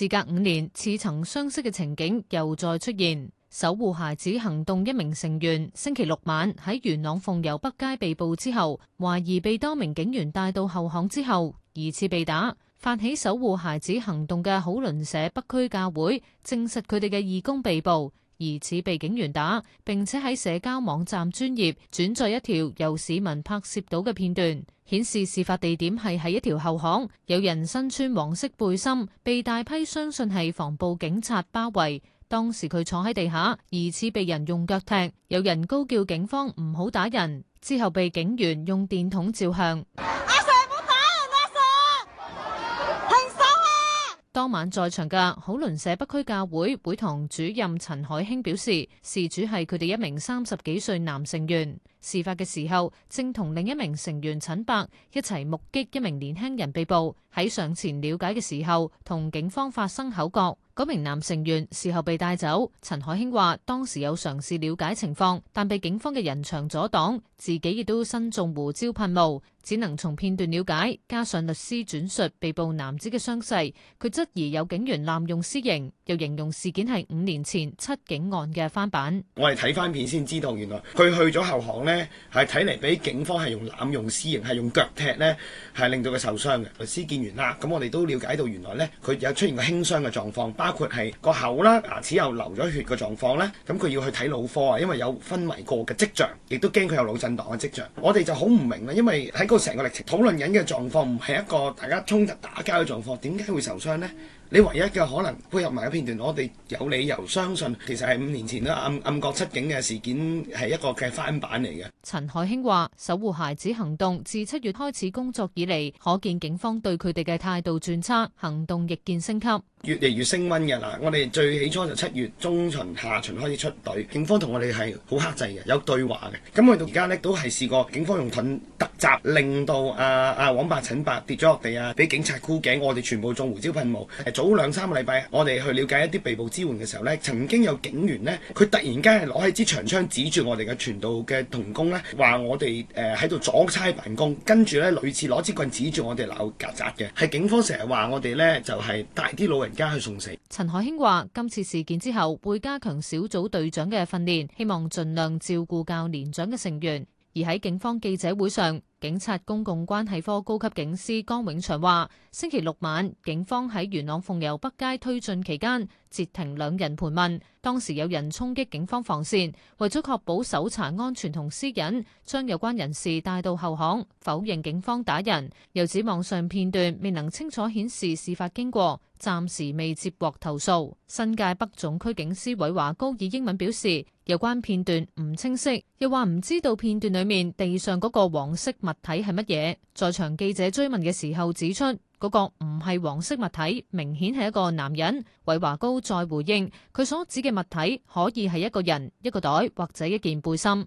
事隔五年，似曾相識嘅情景又再出現。守護孩子行動一名成員星期六晚喺元朗鳳攸北街被捕之後懷疑被多名警員帶到後巷之後疑似被打。發起守護孩子行動嘅好鄰舍北區教會證實，佢哋嘅義工被捕。疑似被警員打，並且喺社交網站專頁轉載一條由市民拍攝到嘅片段，顯示事發地點係喺一條後巷，有人身穿黃色背心，被大批相信係防暴警察包圍。當時佢坐喺地下，疑似被人用腳踢，有人高叫警方唔好打人，之後被警員用電筒照向。當晚在場嘅好鄰舍北區教會會堂主任陳凱興表示，事主係佢哋一名三十幾歲男成員，事發嘅時候正同另一名成員陳伯一齊目擊一名年輕人被捕。喺上前了解嘅時候，同警方發生口角。嗰名男成員事後被帶走。陳凱興話：當時有嘗試了解情況，但被警方嘅人牆阻擋，自己亦都身中胡椒噴霧，只能從片段了解。加上律師轉述被捕男子嘅傷勢，佢質疑有警員濫用私刑，又形容事件係五年前七警案嘅翻版。我哋睇返片先知道，原來佢去咗後巷呢，係睇嚟俾警方係用濫用私刑，係用腳踢呢，係令到佢受傷嘅。律師見完啦，咁我哋都了解到原來呢，佢有出現個輕傷嘅狀況，包包括係個口啦，牙齒又流咗血嘅狀況咧，咁佢要去睇腦科啊，因為有昏迷過嘅跡象，亦都驚佢有腦震盪嘅跡象。我哋就好唔明啦，因為喺嗰成個歷程討論緊嘅狀況，唔係一個大家衝突打交嘅狀況，點解會受傷呢？你唯一嘅可能，配合埋一片段，我哋有理由相信，其實係五年前啦，暗暗角七警嘅事件係一個嘅翻版嚟嘅。陳凱興話，守護孩子行動自七月開始工作以嚟，可見警方對佢哋嘅態度轉差，行動亦見升級。越嚟越升溫嘅啦！我哋最起初就七月中旬、下旬開始出隊，警方同我哋係好克制嘅，有對話嘅。咁我哋到而家呢都係試過，警方用盾突襲，令到啊阿黃伯、陳伯跌咗落地啊！俾警察箍頸，我哋全部中胡椒噴霧。早兩三個禮拜，我哋去了解一啲被捕支援嘅時候呢，曾經有警員呢，佢突然間係攞起支長槍指住我哋嘅傳道嘅同工呢，話我哋誒喺度阻差辦公，跟住呢，類似攞支棍指住我哋鬧曱甴嘅，係警方成日話我哋呢，就係大啲老人家去送死。陳凱興話：，今次事件之後，會加強小組隊長嘅訓練，希望盡量照顧較年長嘅成員。而喺警方記者會上，警察公共關係科高級警司江永祥話：，星期六晚，警方喺元朗鳳攸北街推進期間。截停兩人盤問，當時有人衝擊警方防線，為咗確保搜查安全同私隱，將有關人士帶到後巷，否認警方打人，又指網上片段未能清楚顯示事發經過，暫時未接獲投訴。新界北總區警司委華高以英文表示，有關片段唔清晰，又話唔知道片段裡面地上嗰個黃色物體係乜嘢，在場記者追問嘅時候指出。嗰個唔係黃色物體，明顯係一個男人。韋華高再回應，佢所指嘅物體可以係一個人、一個袋或者一件背心。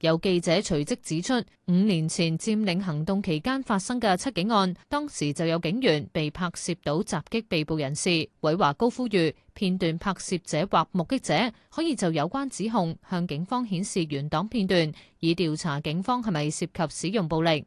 有記者隨即指出，五年前佔領行動期間發生嘅七警案，當時就有警員被拍攝到襲擊被捕人士。韋華高呼籲片段拍攝者或目擊者可以就有關指控向警方顯示原檔片段，以調查警方係咪涉及使用暴力。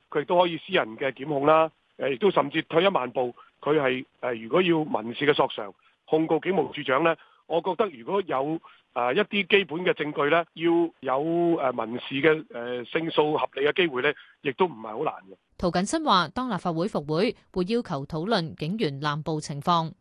佢都可以私人嘅檢控啦，誒亦都甚至退一萬步，佢係誒如果要民事嘅索償控告警務處長呢，我覺得如果有誒一啲基本嘅證據呢，要有誒民事嘅誒勝訴合理嘅機會呢，亦都唔係好難嘅。涂謹申話：當立法會復會，會要求討論警員濫暴情況。